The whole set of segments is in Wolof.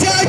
ayca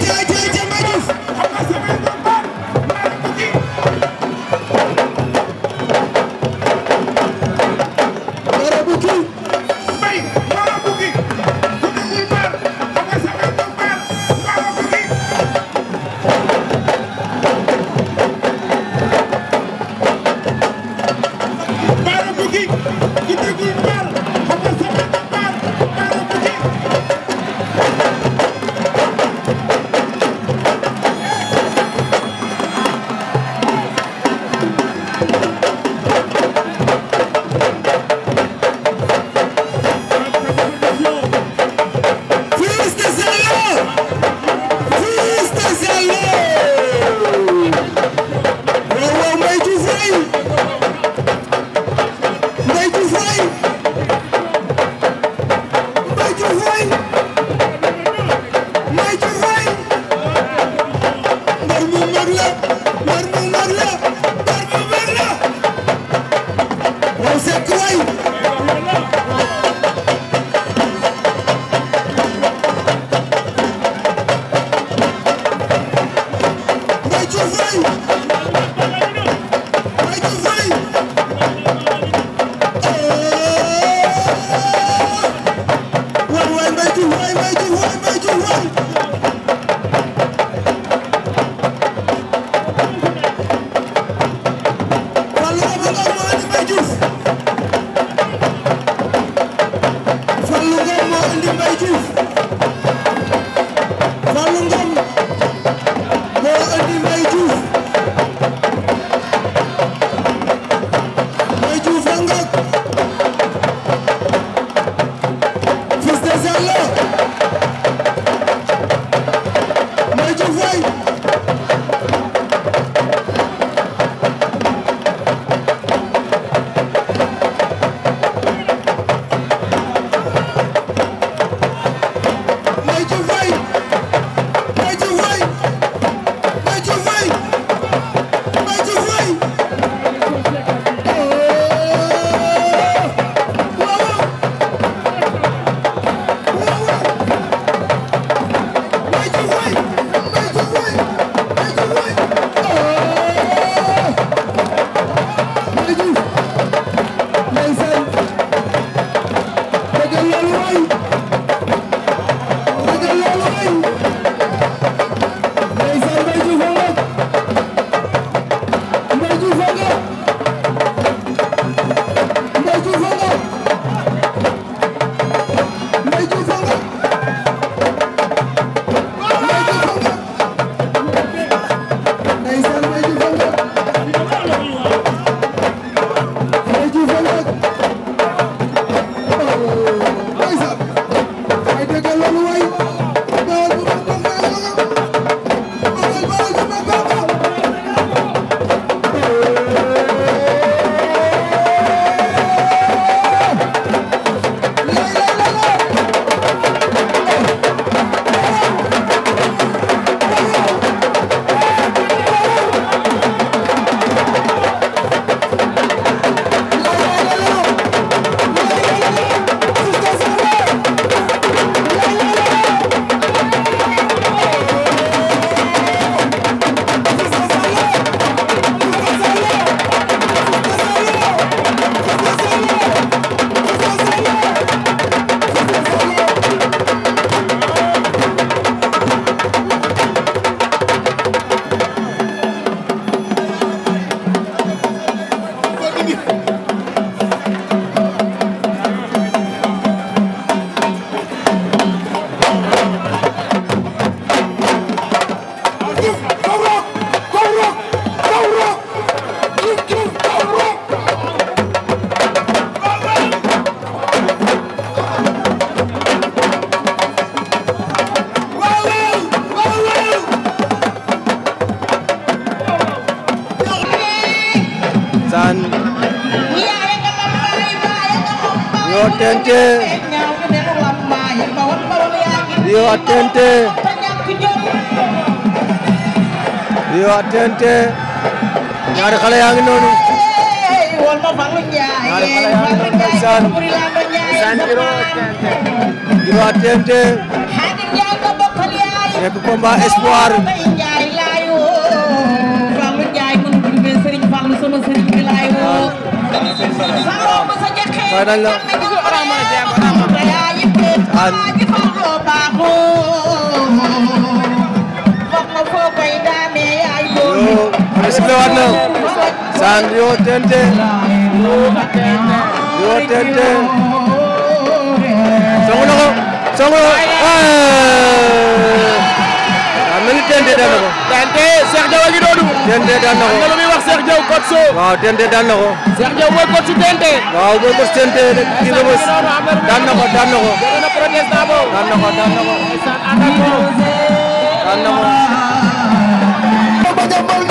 jàppante ñaari xale yaa ngi noonu ñaari xale yaa ngi noonu ndeysaan ndeysaan Guiro ak TNT Guiro ak TNT nekk combat espoir waaw dañ la woote waat na saan Rio Tente Rio Tente songu na ko songu na ko daa mel ni Tente daan na ko. Tente Cheikh Diaw a ngi doonu. Tente daan na ko nga lu muy wax Cheikh Diaw kot so. waaw Tente daan na ko. Cheikh Diaw mooy kot su Tente. waaw mooy kot su Tente kii la mos daan na ko daan na ko. daan na ko daan na ko. daan na ko.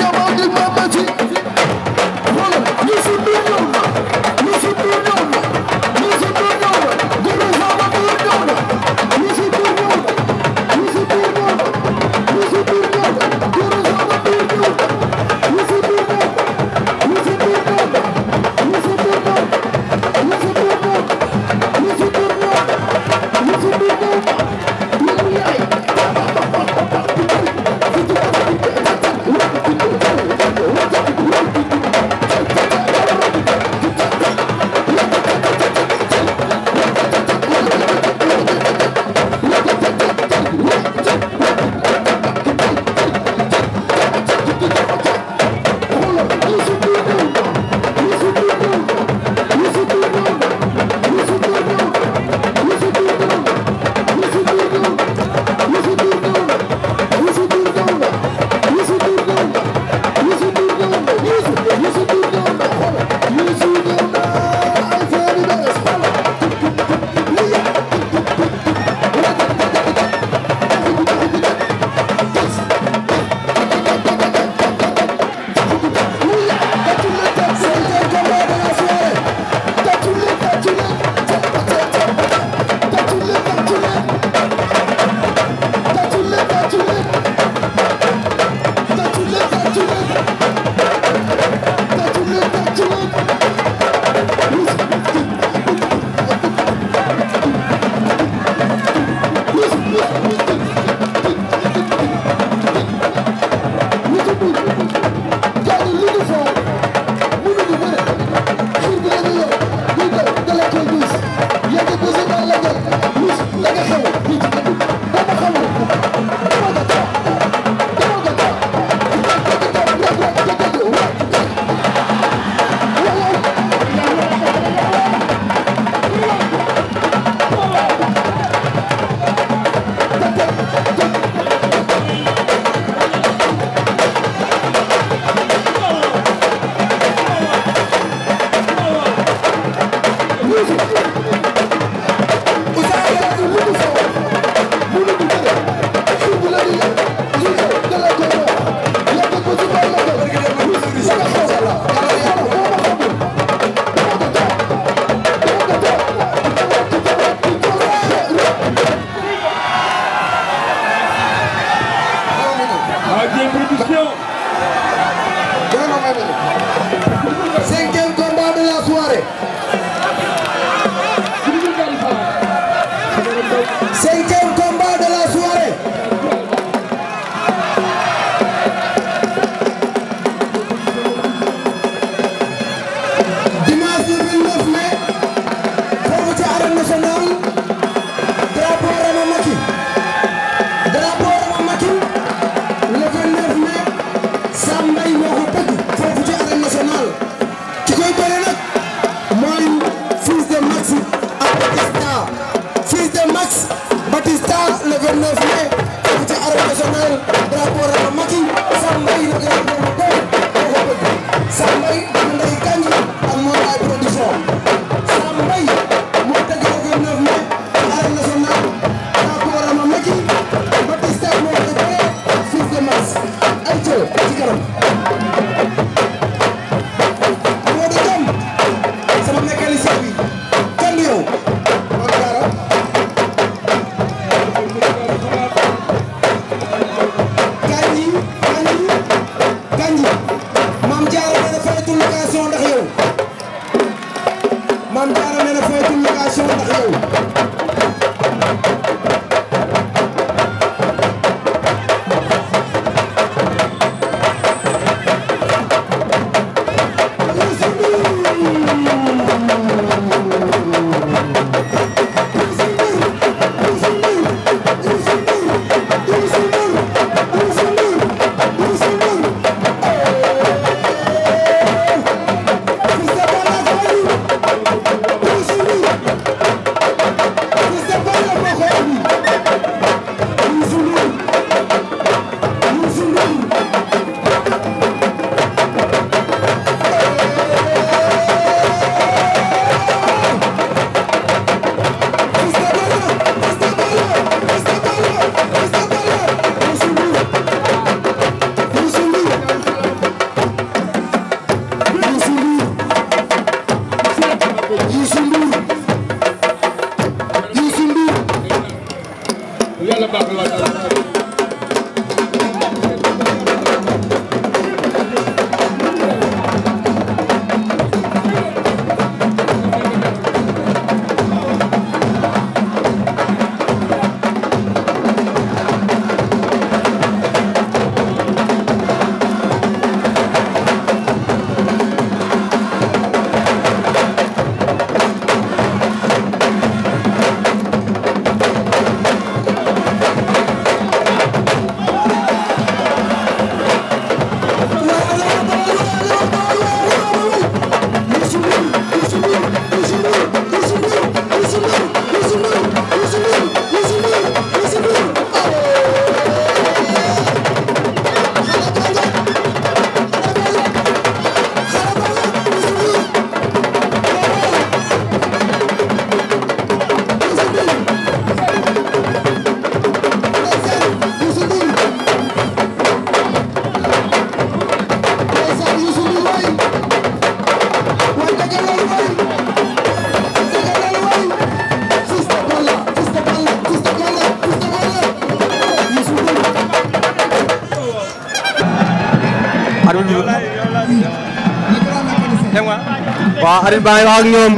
arbitre baa ngi wax ak ñoom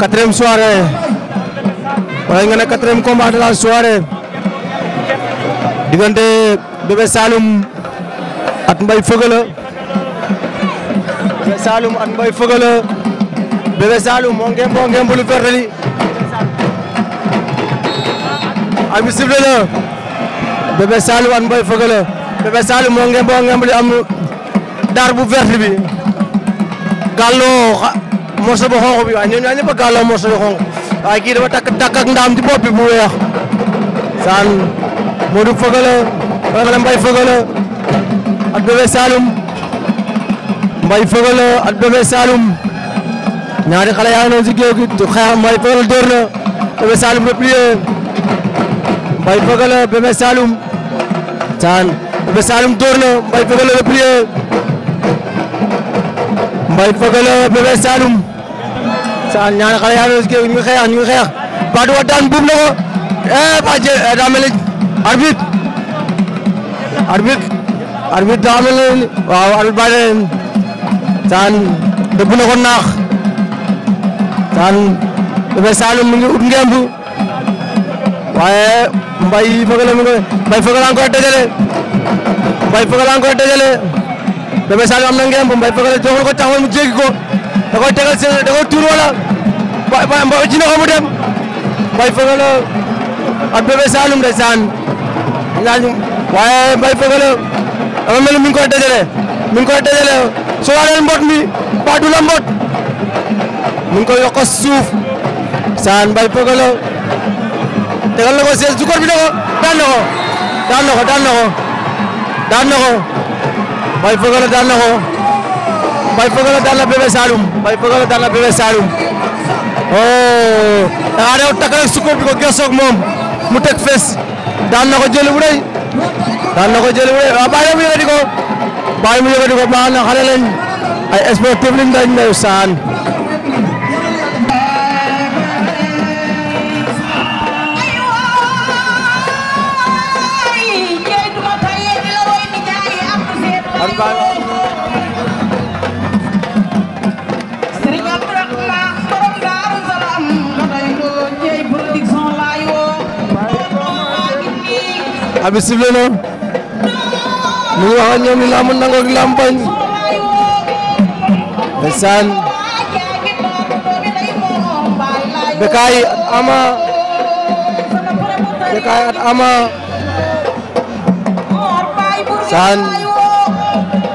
quatrième soirée wala nga ne quatrième combat de la soirée diggante Bébé Saloum at Mbaye Feugeula Bébé Saloum moo ngeem moo ngeem bulu verte li arbitre sifflé la Bébé at Mbaye Feugeula Bébé Saloum moo ngeem moo ngeem am dar bu verte bi gàlloo morso bu xonq bi waaye ñoom ñaar ñëpp a gàlloo morso yu xonq waaye kii dafa takk takk ak ndaam ci bopp bi bu weex saan Modou Feugeula Feugeula Mbaye Feugeula ak Bébé Saloum Mbaye Feugeula ak Bébé Saloum ñaari gi du xeex Mbaye Feugeula dóor na Bébé Saloum replié Mbaye Feugeula Bébé Saloum saan Bébé Saloum dóor na Mbaye Feugeula replié Mbaye Pogello Bébé Saloum Sal ñaari xale yaa ngi ngi xeex ngi xeex Badou wa daan buub na ko eh Badji eh, daa mel ni arbitre arbitre arbitre daa mel ni waaw arbitre baa leen na ko naax Sal Bébé Saloum mu ngi ut ngemb waaye Mbaye Pogello mi ngi Mbaye Pogello encore dajale Mbaye Pogello encore dajale Bébé Saloum am na ngemb Mbaye Pakala jox ko taxawal mu jéggi ko da tuur wala Mbaye Mbaye ji mu dem Mbaye Pakala ak Bébé Saloum ndeysaan waaye Mbaye Pakala dama mel ni mi ngi koy dajale mi ngi koy mbot mi ba mbot mi ngi koy suuf saan Mbaye Pakala tegal na ko seen bi na daan na daan na daan na Mbaye Feugeula daan na ko Mbaye Feugeula daan na Bébé Saloum Mbaye Feugeula daan na Bébé Saloum oh da ngaa doon takk rek sukkur bi ko gëstoog moom mu teg fees daan na ko jëli bu daan na ko jëli bu rëy waaw bàyyi mu yëgati ko bàyyi mu yëgati ko baax na xale lañ ay sportif lañ dañ ndeyu saan abi sifle na mu ngi wax ak ñoom ni làmb nangoo ak làmb bañ ndeysaan Bécaye at Ama Bécaye at Ama saan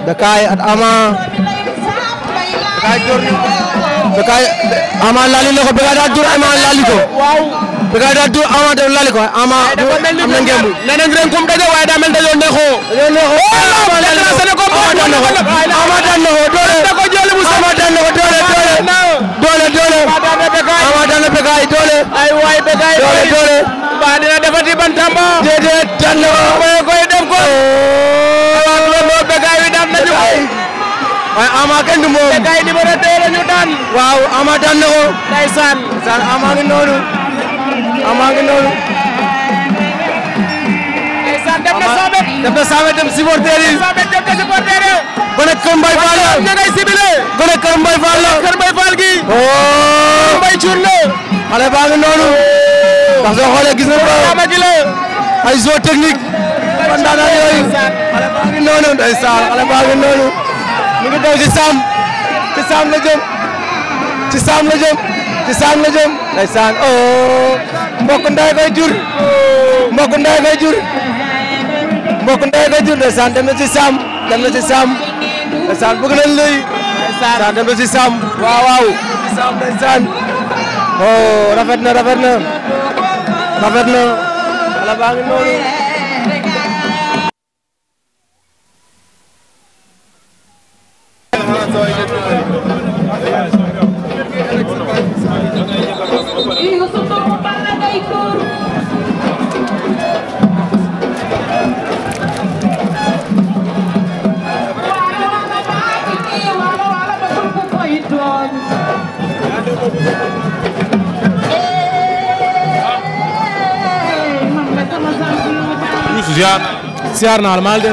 Bécaye at Ama Bécaye jor Bécaye Ama laali na ko Bécaye daa jor Ama laali ko Bécaye daa tuur Ama def lali quoi Ama am na ngemb nee nañ ren comme daje waaye daa mel dañoo neexoo dañoo neexoo Ama daan na ko Ama daan na ko doole Ama daan na ko doole doole doole Ama daan na Bécaye doole ay waay Bécaye doole doole ba dina defati ban tamba déedéet daan na ko moy koy dem ko Bécaye wi daan nañu waaye Ama kenn du moom Bécaye numéro 2 la ñu daan waaw Ama daan na ko ndeysaan ndeysaan Ama ngi noonu ama ngi noonu. ndeysaan dem na Soobet. dem na Soobet dem supporter yi. Soobet dem na supporter gi. ooo oh. Mbaye Cuun la. xale baa noonu. ndax oh. soo xoolee noonu ndeysaan xale baa noonu. mu ngi mbokk nday koy jur mbokk nday koy jur mbokk nday koy jur ndeysaan dem na ci saam dem na ci saam ndeysaan bëgg dem na ci saam waaw waaw ci saam oh, rafet na rafet na rafet na wala noonu siyaar naa la maa ngi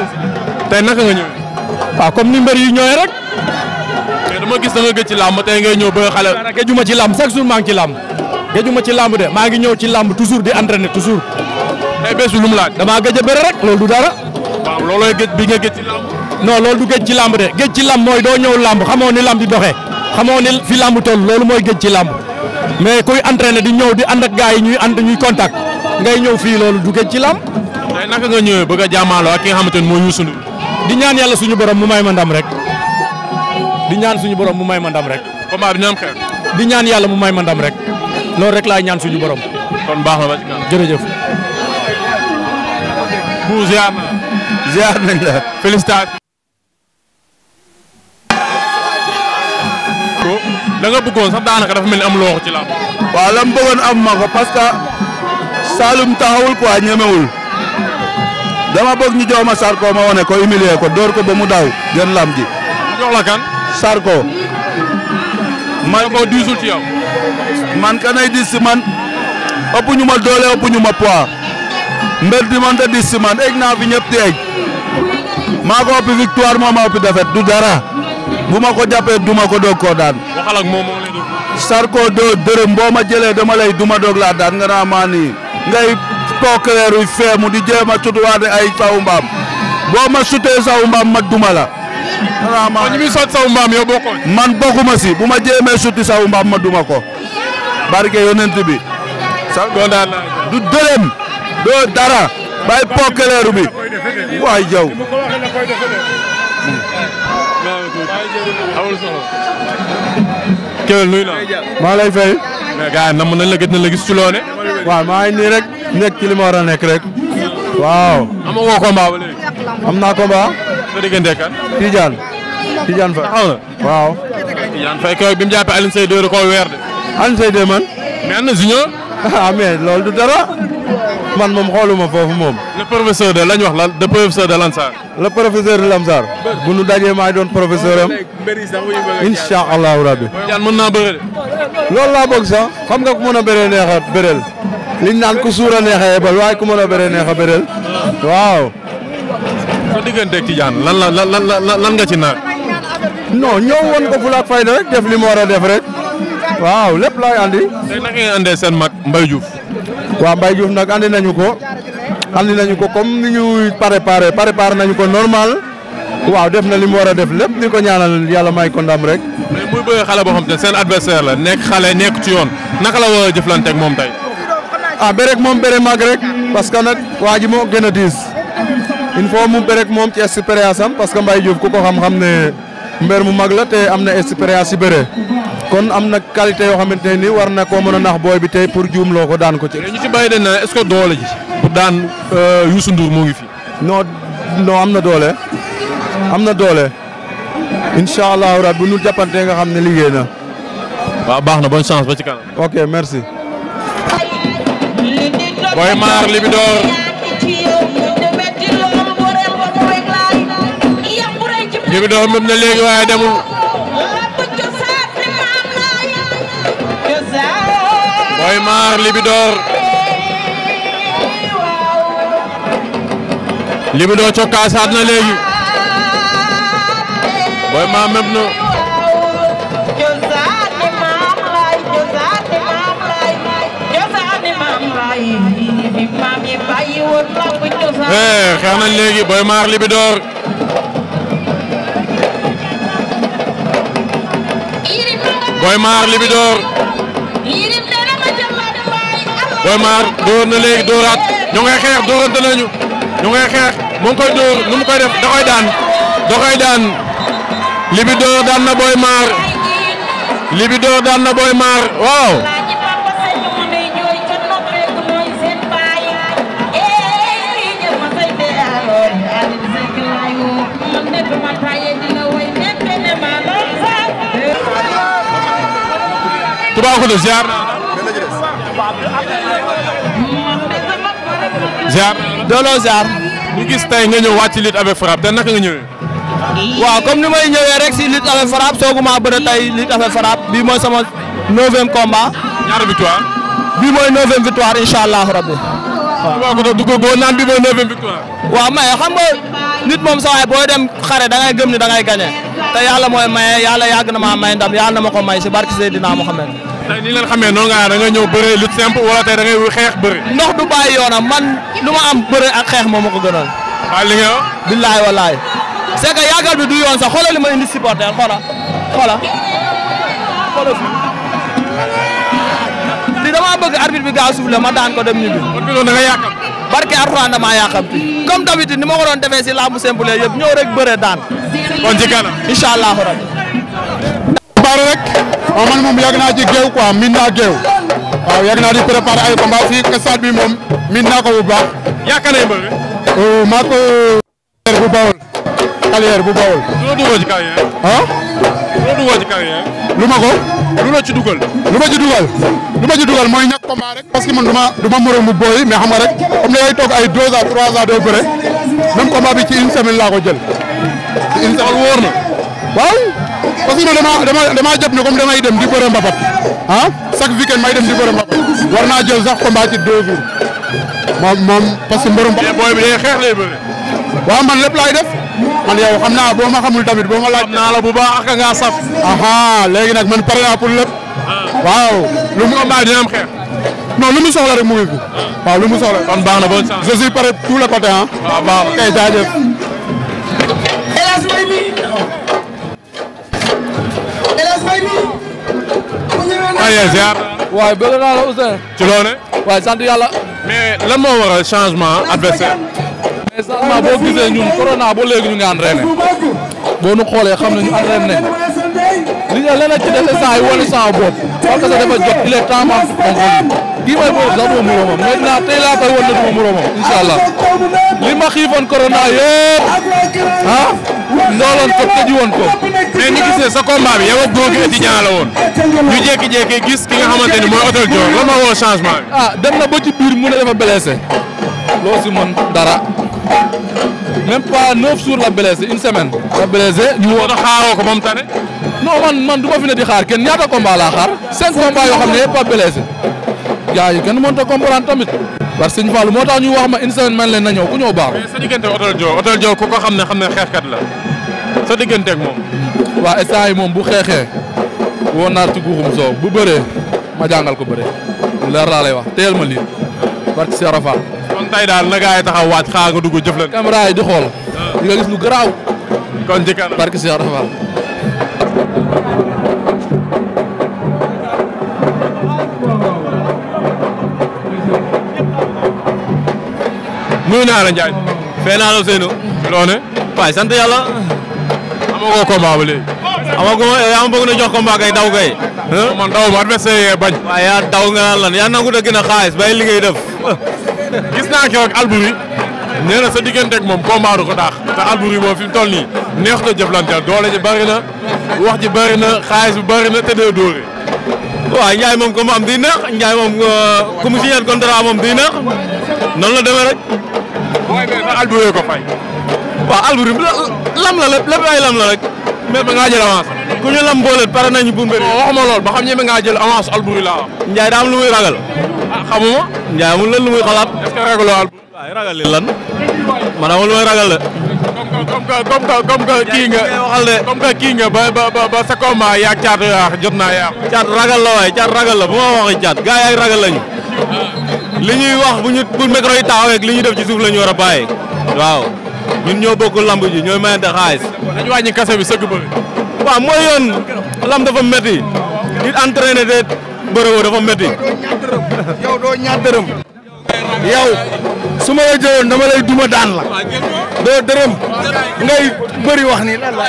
tey naka nga ñëwee. waaw comme ni mbër yi ñëwee rek. mais dama gis da nga ci làmb tey ngay ñëw ba xale. gëjuma ci làmb chaque jour maa ngi ci làmb. gëjuma ci làmb de maa ngi ñëw ci làmb toujours di entraîner toujours. tey lu mu laaj. damaa gëj a bëre rek loolu du dara. waaw loolooy gëj bi nga gëj ci làmb. non gëj ci làmb de gëj ci làmb mooy doo ñëw làmb xamoo ni làmb di doxee. xamoo ni fi làmb toll loolu mooy gëj ci làmb. mais kuy entraîner di ñëw di ànd ak gars yi ñuy ànd ñuy contact ngay ñëw fii loolu du gëj ci làmb tey naka nga ñëwee bëgg a jàmmaaloo ak ki nga xamante ne moo Youssou di ñaan yàlla suñu borom mu may ma rek di ñaan suñu borom mu may mandam rek. combat di ñaan yàlla mu may ma ndam rek loolu rek laay ñaan suñu borom. kon baax na ba jërëjëf. bu ziar na ziar nañ la félicitation. da nga bëggoon sax daanaka dafa mel ni amuloo loox ci la. waaw la mu bëggoon am ma ko parce que Saloum taxawul ñemewul. dama bëgg ñu jox ma Sarko ma ko humilier ko dóor ko ba mu daw lam ji. Sarko. man ko diisul ci man kanay diis man ëpp ma doole ëpp ñu ma poids di man te diis man egg naa fi ñëpp di egg maa ko ëpp victoire moo ma ëpp du dara bu ma ko jàppee duma ko doog koo daan. Sarko doo dërëm boo ma jëlee dama lay ma doog laa daan nga naa maa ngay. kookereeruy feemu di jéem a cutuwaate ay saw boo ma sutee saw ma duma la man bokkuma bu ma jéemee suti saw mbaam ma duma ko barke yonent du dërëm doo dara bay pokkeleeru bi waay jaw Kewel nuyu maa lay fay. mais gars yi namm nañ la na la gis ci maa ngi nii nekk ci war a nekk rek. waaw. amagoo combat ba léegi. am naa combat. sa diggante kan. Tidiane. Tidiane Faye. xaw ah. na waaw. Tidiane Faye kay bi mu jàppee Alioune Seye 2 da koo weer de. Alioune Seye 2 man. me am na junior. ah mais du dara. man moom xooluma foofu moom. le professeur de lañ wax la le professeur de Lansar. le professeur de bu nu dajee maa doon professeur am. incha allahu rabbi. Tidiane mën naa bëre de. loolu laa bëgg sax xam nga ku mën a bëree neexat bëreel. liñ naan ku suur a neexee yebal waaye ku mën a bëree neex a bëreel waaw. sa digganteeg Tidiane lan la lan lan lan nga ci naan. non ñëw woon ko fulaak fayda rek def li mu war a def rek. waaw lépp laay àndi tey naka ngeen andee seen mag Mbaye Diouf. waaw mbay Diouf nag andi nañu ko. andi nañu ko comme ni ñu préparé préparé nañu ko normal. waaw def na li mu war a def lép di ko ñaanal yàlla may ko ndam rek. mais muy bëgg xale boo xam te seen adversaire la nekk xale nekk ci yoon naka la war a moom tey. ah bérek moom béré mag rek parce que nag waa ji moo gën a diis il faut mu bérek moom ci expérience am parce que Mbaye Diouf ku ko xam-xam ne mbër mu mag la te am na expérience yi bëre kon am na qualité yoo xamante ne ni war na koo mën a nax booy bi tey pour juumloo ko daan ko ci. ñu ci bàyyi dañ ne est-ce doole ji. pour daan euh, Youssou Ndour moo ngi fi. non non am na doole am na doole incha allahu rabi bu ñu jàppante nga xam ne liggéey na. waaw baax na bonne chance ba ci kanam. ok merci. Boy Maar Libidor Libidor mën na léegi waaye demul Boy Maar Libidor Libidor cokkaasaat na léegi Boy Maar mën na Eh, xeex nañ léegi Boy Maar Libidor Boy Maar Libidor Boy dóor na léegi dóoraat ñu ngay xeex dóorante nañu ñu ngay xeex mu koy dóor nu koy def da daan da koy daan Libidor daan na Boy Maar Libidor daan na Boy waaw Modou ziar ziar dooloo ziar ñu gis tey nga ñëw wàcc lutte avec frappe te naka nga ñëwee waaw comme ni may ñëwee rek si lutte avec frappe sooguma bëre tey lutte avec frappe bii mooy sama neuvième combat ñaar bii mooy neuvième victoire incha rabbi waaw ko du mooy xam nga nit moom sax waaye booy dem xare da gëm ni da ngay gagné te yàlla mooy maye yàlla yàgg na maa may ndam yàlla na ma ko may si barke Seydina Mohamed tey ni leen xamee noonu nga da nga ñëw bëre lu simple wala tey da ngay xeex bëre. ndox du bàyyi yoonam man lu ma am bëre ak xeex moom ma ko gënal. waaw li nga wax. billaay wallaay. c'est que yaagal bi du yoon sax xoolal li ma indi supporter xoola xoola xoola fi li damaa bëgg arbitre bi gaa soufflé ma daan ko dem ñibbi. kon bi loolu da nga yàqam. barke Alxuraan damaa yàqam fi comme d'habitude ni ma ko doon defee si làmb simple yëpp ñëw rek bëre daan. kon ci kanam incha allahu rabbi. baaru rek. waaw man moom yàgg naa ci géew quoi min naa géew waaw yàgg naa di préparer ay combat fii stade bi moom min naa ko bu baax. yaakaar naa mbër oh, maa ko bu bawol carrière bu bawol. lu la dugal ci lu ma ko. lu la ci dugal. lu ma ci dugal. lu ma ci dugal mooy ñàkk combat rek. parce que man du ma du ma booy mais xam nga rek comme da ngay toog ay deux à trois ans doo bëre même combat bi ci une semaine laa ko jël. ci une semaine na parce que dama dama dama jàpp ne comme damay dem di bëre mbapat ah chaque weekend may dem di bëre mbapat war naa jël sax combat ci deux jours moom moom parce que mbërëm mbapat. booy bi day xeex lay bëre. waaw man lépp laay def man yow xam naa boo ma xamul tamit boo ma laaj. xam naa la bu baax ak nga saf. aha léegi nag man pare naa pour lépp. Ah. waaw lu mu combat dina am xeex. non lu mu soxla rek mu ngi fi. Ah. waaw lu mu soxla. kon baax na ba je suis prêt tout yee ziar. waaye bëgg naa la Ousseyn. ci loone waaye sant yàlla. mais lan moo waral changement adversaire. mais changement boo gisee ñun corona ba léegi ñu ngi entraîné. boo nu xoolee xam nañu entraîné nañ. li ñu leen a ci dese saa yi wala saa bopp. parce que dafa jot il est temps ma kii mooy boobu sax moom moroomam maintenant tey laa koy wan ne duma moroomam incha allah li ma xiifoon corona yëpp ah ndooloon ko tëji woon ko. mais ñu gisee sa combat bi yow ak góor gi étudiant la woon ñu jékki-jékki gis ki nga xamante ni mooy hôtel Dior lan ma woo changement ah, dem na ba ci biir mu ne dafa blessé loo si dara. même pas neuf jours la blessé une semaine. la blessé ñu woo ko xaaroo ko ba tane. non man du ma fi ne di xaar kenn ñaata combat laa yoo a blessé. gars yi kenn mënut a comprendre tamit. parce que Sëñ Fallou moo tax ñu wax ma une semaine man leen na ñëw ku ñëw baax. mais sa diggante Hôtel Dior Hôtel Dior ku ko xam ne xam ne xeexkat la sa diggante moom. waa instant yi moom bu xeexee woo naar ci guuxum soow bu bëree ma jàngal ko bëree leer laa lay wax teel ma lii barke Cheikh Rafal. kon tey daal na gars yi taxaw waaj xaar nga dugg jëflante. caméra yi di xool. Ah. di nga gis lu garaaw. kon ci kanam barke Cheikh nuyu naa la Ndiaye. fee naa la Seynou. loo ne. waaye sant yàlla. amagoo combat eh, na jox combat kay daw kay. man daw ma da gën a xaalis bàyyi li ngay def. gis naa keroog Albouri. nee na sa digganteeg moom ko daax. te Albouri moom fi mu toll nii. na jëflanteel doole ji bëri na. wax ji bëri na xaalis bi bëri na te dee dóore. waaw Ndiaye moom ko di neex Ndiaye moom euh, ku mu signé contrat moom di neex noonu la demee rek. booy bee lam la lépp lépp ay lam la rek. mais ba ngaa jël avance. ku ñu lam boole pare nañu bu mbir. non waxuma lool ba xam ñebe ngaa jël avance albume laa lu muy ragal. Ah, xamuma. Ndiaye amul lan lu muy xalaat. ragaloo albume. lan. man amul lu may ragal la. comme que comme kii nga waxal de comme que kii nga ba ba ba caat yaa jot naa yaa. caat ragal la waaye caat ragal la bu ma waxee caat gars yi ragal lañu. Ah. li ñuy wax bu ñu bu micro yi taxawee li ñu def ci suuf la ñu war a bàyyi waaw ñun ñoo bokk lamb ji ñooy mayante xaalis. dañu wàññi kase bi sëgg bëri. waaw mooy yoon lamb dafa métti di entraîné te bërëwoo dafa métti. yow su ma la jëloon dama lay duma daan la. doo dërëm. ngay bëri wax ni lan la.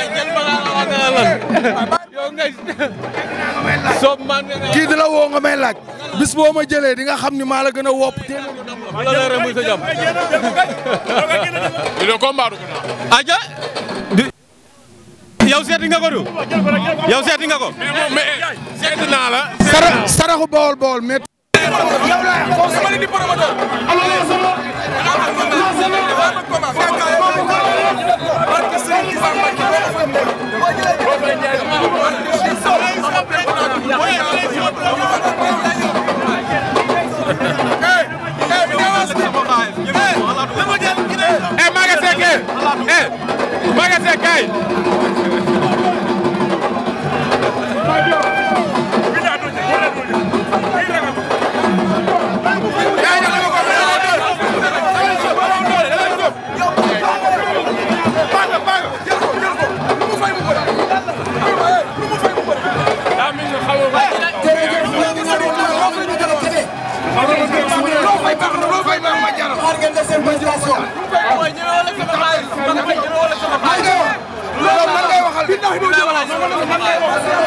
soob maan nga kii di la woo nga bis boo ma jëlee di nga xam ni maa la gën a wopp téeméer bu la leeree muy sa jàmm di la combat du aja yow seeti nga ko du yow seeti nga ko seeti naa la saraxu bawol bawol mais yow Magasin Gaye seen prestation. man ngay waxal.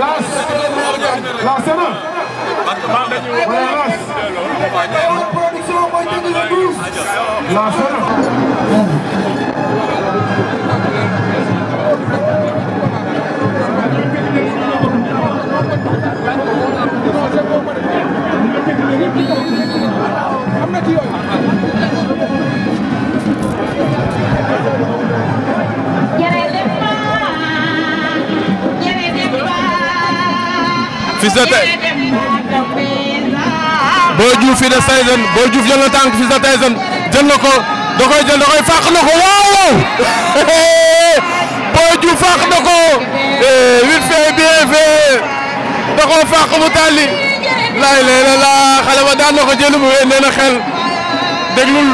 Lass Lass ana wala Lass Lass ana am na ci yooyu Fils de Tyson Boy Diouf Fils de Tyson Boy Diouf jël na tànk Fils de Tyson jël na ko da koy jël da koy fàq na ko waaw Boy Diouf fàq na ko eh, vite fait la xale ba daan na ko jël mu wéy nee xel déglul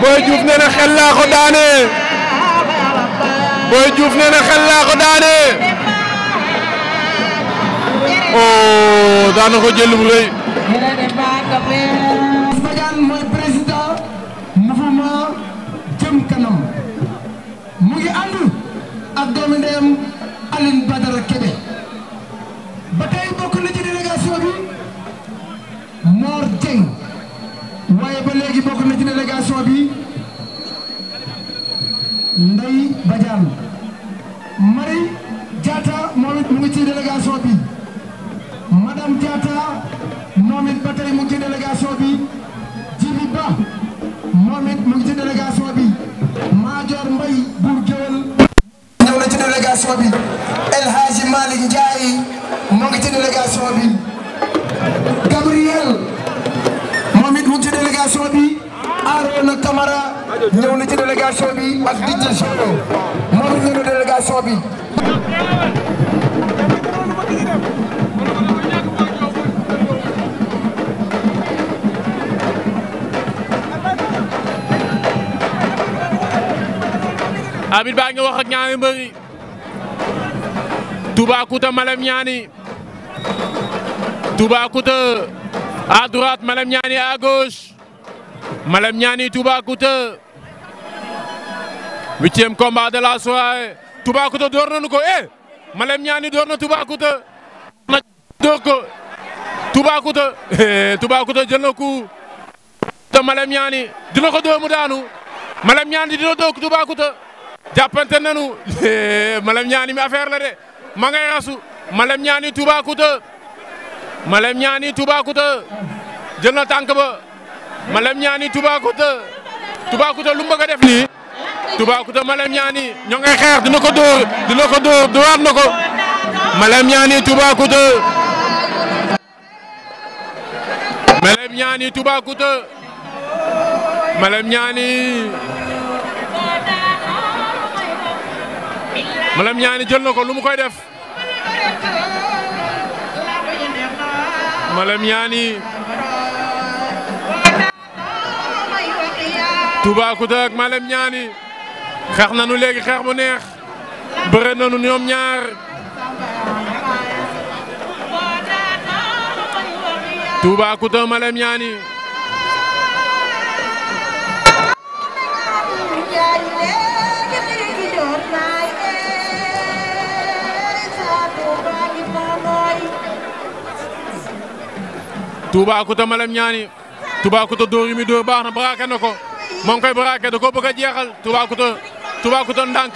Boy Diouf nee na xel laa daane Boy Diouf nee na xel laa daane oh daana ko jël bu rëy délégation bi Ba moom it mu ngi ci délégation bi Major Mbaye Bour Gueweul ñëw El Hadji Malick Ndiaye mu ngi ci Gabriel mu ngi ci délégation bi na ci délégation bi ak Didier Chano moom it ñëw na délégation arbitre baa ngi wax ak ñaari mbër yi Toubacouta Malem Niani Toubacouta à droite Malem Niani à gauche Malem Niani Toubacouta huitième combat de la soirée Toubacouta door nañu ko eh ko Toubacouta eh, Toubacouta jël na ku te Malem Niani dina doomu daanu Malem Niani dina doog Toubacouta jàppante nanu Malem Niani mi affaire la de ma ngay rasu Malem ñaani Toubacouta Malem Niani Toubacouta jël na tànk ba Malem ñaani Toubacouta Toubacouta lu mu def nii Toubacouta Malem Niani ñoo xeex dina ko dóor dina ko dóor dóoraat na ko Malem Niani Toubacouta Malem Niani Toubacouta Malam Ñaani jël na ko lu mu koy def Malam Ñaani Toubacouta ak Malam Ñaani xeex nañu léegi xeex bu neex bëre nañu ñoom ñaar Toubacouta Malam Ñaani Toubacouta Malem Niani Toubacouta dóor yi muy dóor baax na braqué na ko moo koy braqué da koo bëgg a jeexal Toubacouta Toubacouta ndànk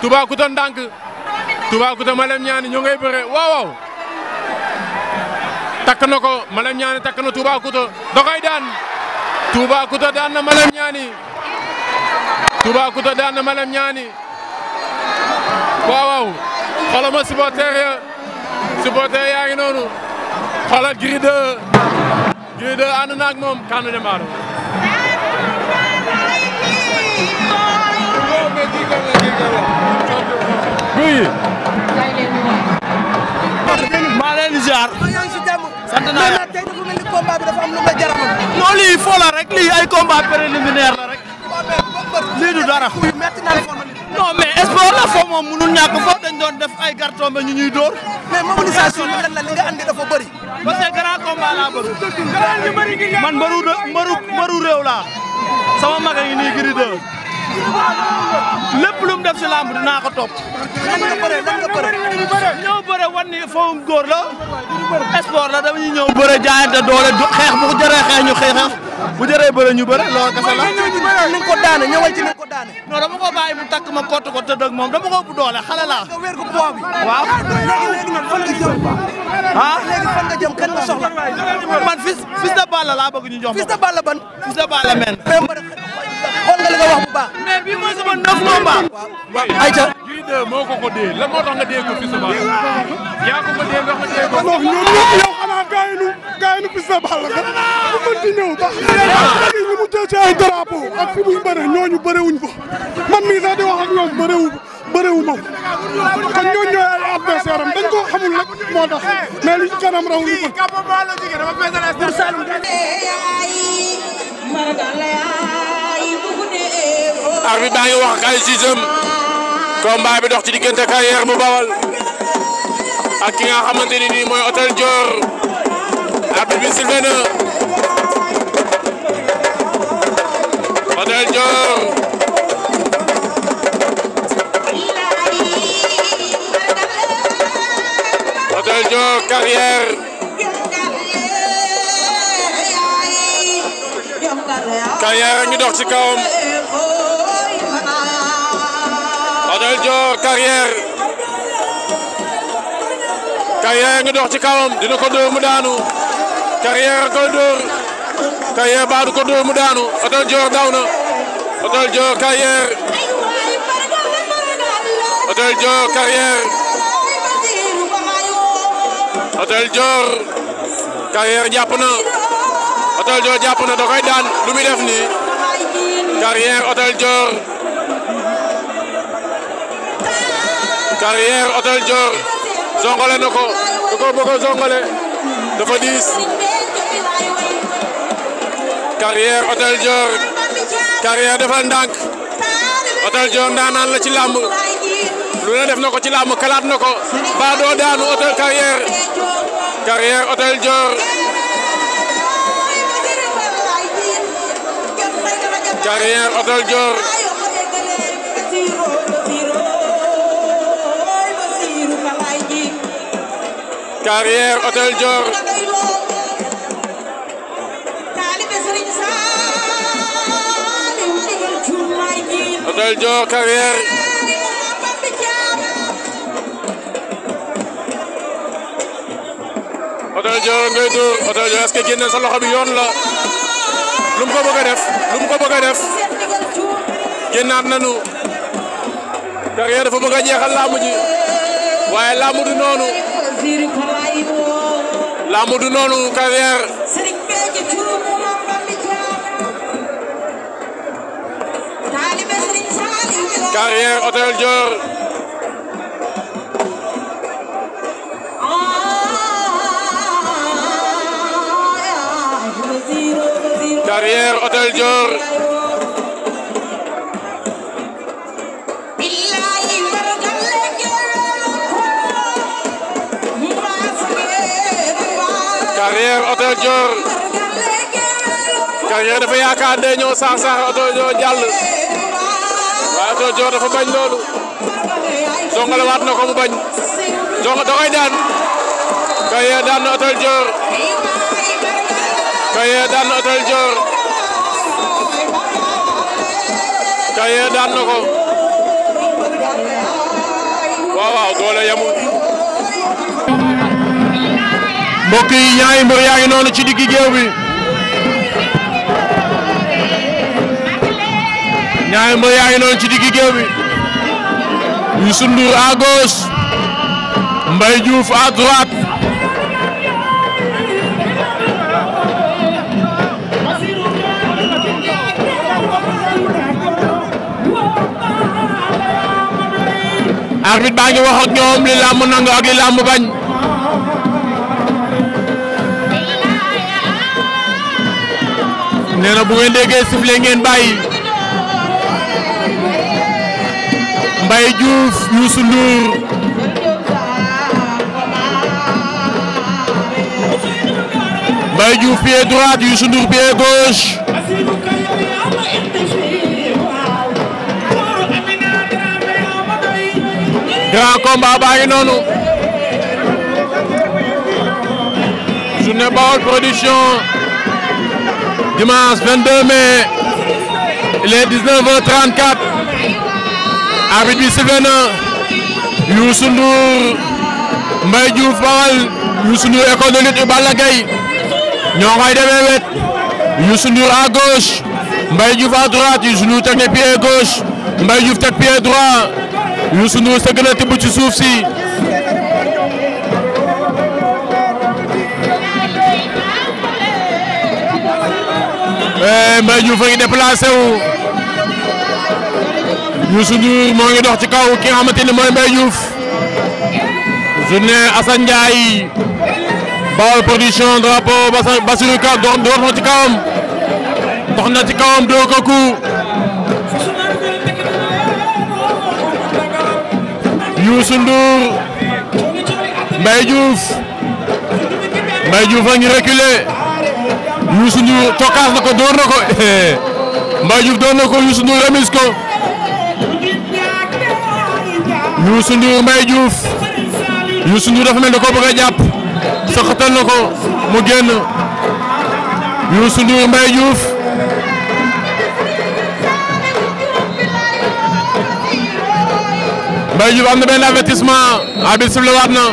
Toubacouta ndànk Toubacouta Malem Niani ñoo ngay bëre waaw waaw takk na ko Malem Niani takk na Toubacouta da koy daan Toubacouta daan na Malem Niani Toubacouta daan na Malem Niani waaw waaw xoolal ma supporter ya supporter yaa noonu. xoolal Gris 2 Gris na ak moom Kaanu Demba guy maa leen di ziar. sant naa yàlla bi dafa am lu ma jaral. lii foo rek lii ay combat préliminaire la rek. lii du dara. non mais espoir la foo moom mënul ñàkk foofu dañ doon def ay carton ba ñu ñuy dóor. mais mobilisation bi lan la li nga andi dafa bëri. parce que grand laa bëri. man mbëru mbëru mbëru sama mag a ngi nii Gris 2 lépp lu mu def si làmb dinaa ko topp. lan nga bëre lan nga bëre. ñëw bëre wan ni foo la. sport la dañuy ñëw bëre jaayante doole du xeex bu jëree xeex ñu xeexeex bu jëree bëre ñu bëre loolu kese la. ni nga ko daane ñëwal ci ni ko daane. non dama ko bàyyi mu takk ma kot ko tëdd ak moom dama ko bu doole xale laa. waaw léegi léegi nag fan nga jëm. ah léegi fan ñu jox ma. fils Balla ban. xool nga li wax bu baax. mais bii mooy moo ko ko dee lan moo tax nga dee ko Fils de Balla. yaa ñoom ñëpp xanaa gars nu gars nu Fils de Balla kat mu jël ci ay drapeau ak fi muy di wax ak ñoom bërewu bërewu ma kon ñooy ay adversaire am dañ ko xamul moo tax mais li kanam raw li bët. arbitre baa ngi wax ak ay sixième combat bi dox ci diggante Carrière bu Bawal ak ki nga xamante ni mooy Hôtel Dior arbitre bi sifflé na Hôtel Dior Hôtel Dior Carrière Carrière a carrière carrière ngi dox ci kawam dina ko dóor mu daanu carrière koy dóor carrière baa du ko dóor mu daanu Hôtel Dior daw na Hôtel Dior carrière Hôtel Dior carrière jàpp na Hôtel Dior jàpp na da daan lu muy def nii carrière Hôtel Dior Carrière Hôtel Dior zongale na ko da ko bëgg dafa diis Carrière Hôtel Dior Carrière defal ndànk Hôtel Dior ndaanaan la ci làmb lu ne def na ko ci làmb kalaat na ko ba doo daanu Hôtel Carrière Carrière Hôtel Dior Carrière Hôtel Dior Hôtel Dior ngay dóor Hôtel Dior est-ce que génne sa la lu mu ko def lu mu ko bëgg a def génnaat nañu Carrière dafa bëgg a jeexal ji waaye laamu du noonu lamb du noonu carrière carrière hôtel Dior carrière hôtel Dior Célibataire Dior Carrière dafa yaakaar ne ñoo saax saax oto ñoo jàll waaye oto Dior dafa bañ loolu jongale waat na ko mu bañ jonga da koy daan Carrière daan na oto Dior Carrière daan na oto Dior Carrière daan na ko waaw waaw doole yamul mbokk yi ñaari mbër noonu ci diggi géew bi ñaari mbër noonu ci diggi géew bi Youssou Ndour à gauche Mbaye Diouf à droite arbitre baa ngi wax ak ak li làmb bañ nee na bu ngeen déggee sifflet ngeen bàyyi Mbaye Diouf Youssou Ndour Mbaye Diouf pied droite Youssou Ndour pied gauche grand combat baa ngi noonu journée Baol Production dimanche 22 mai il est 19h34 arbitre bi sifflé na Youssou Ndour Mbaye Diouf Bawal Youssou Ndour école de lutte Balla Gaye ñoo ngay demee wet Youssou Ndour à gauche Mbaye Diouf à droite Youssou Ndour teg na pied gauche Mbaye Diouf teg pied droit Youssou Ndour sëgg na tibb ci suuf si. Eh, Mbaye Diouf a ngi déplacé wu Youssou moo ngi dox ci kaw ki nga xamante ni mooy Mbaye Diouf journée Assane Ndiaye Baol production drapeau Bassirou Ka door na ci kawam dox na ci kawam doo ko ku Youssou Ndour Mbaye Diouf Mbaye a ngi reculé. Youssou Ndour tokkaas na ko door na ko Mbaye Diouf door na ko Youssou Ndour remis ko Youssou Ndour Mbaye Diouf Youssou Ndour dafa mel da ko bëgg a jàpp na ko mu génn Youssou Ndour Mbaye Diouf Mbaye Diouf am na benn avertissement arbitre sifflé waat na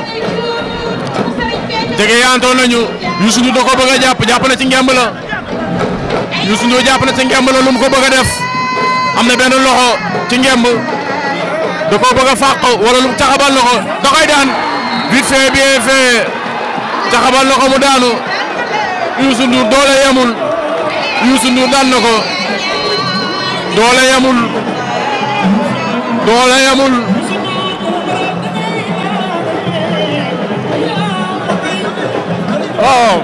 jege yaantoo nañu Youssou Ndour da ko bëgg a jàpp jàpp na ci ngemb la Youssou Ndour jàpp na ci ngemb la lu mu ko bëgg am na benn loxo ci ngemb da ko bëgg a fàq wala loxo da koy daan vite fait bien fait taxabal loxo mu daanu Youssou Ndour doole yemul Youssou Ndour daan na ko doole yemul doole yemul. waaw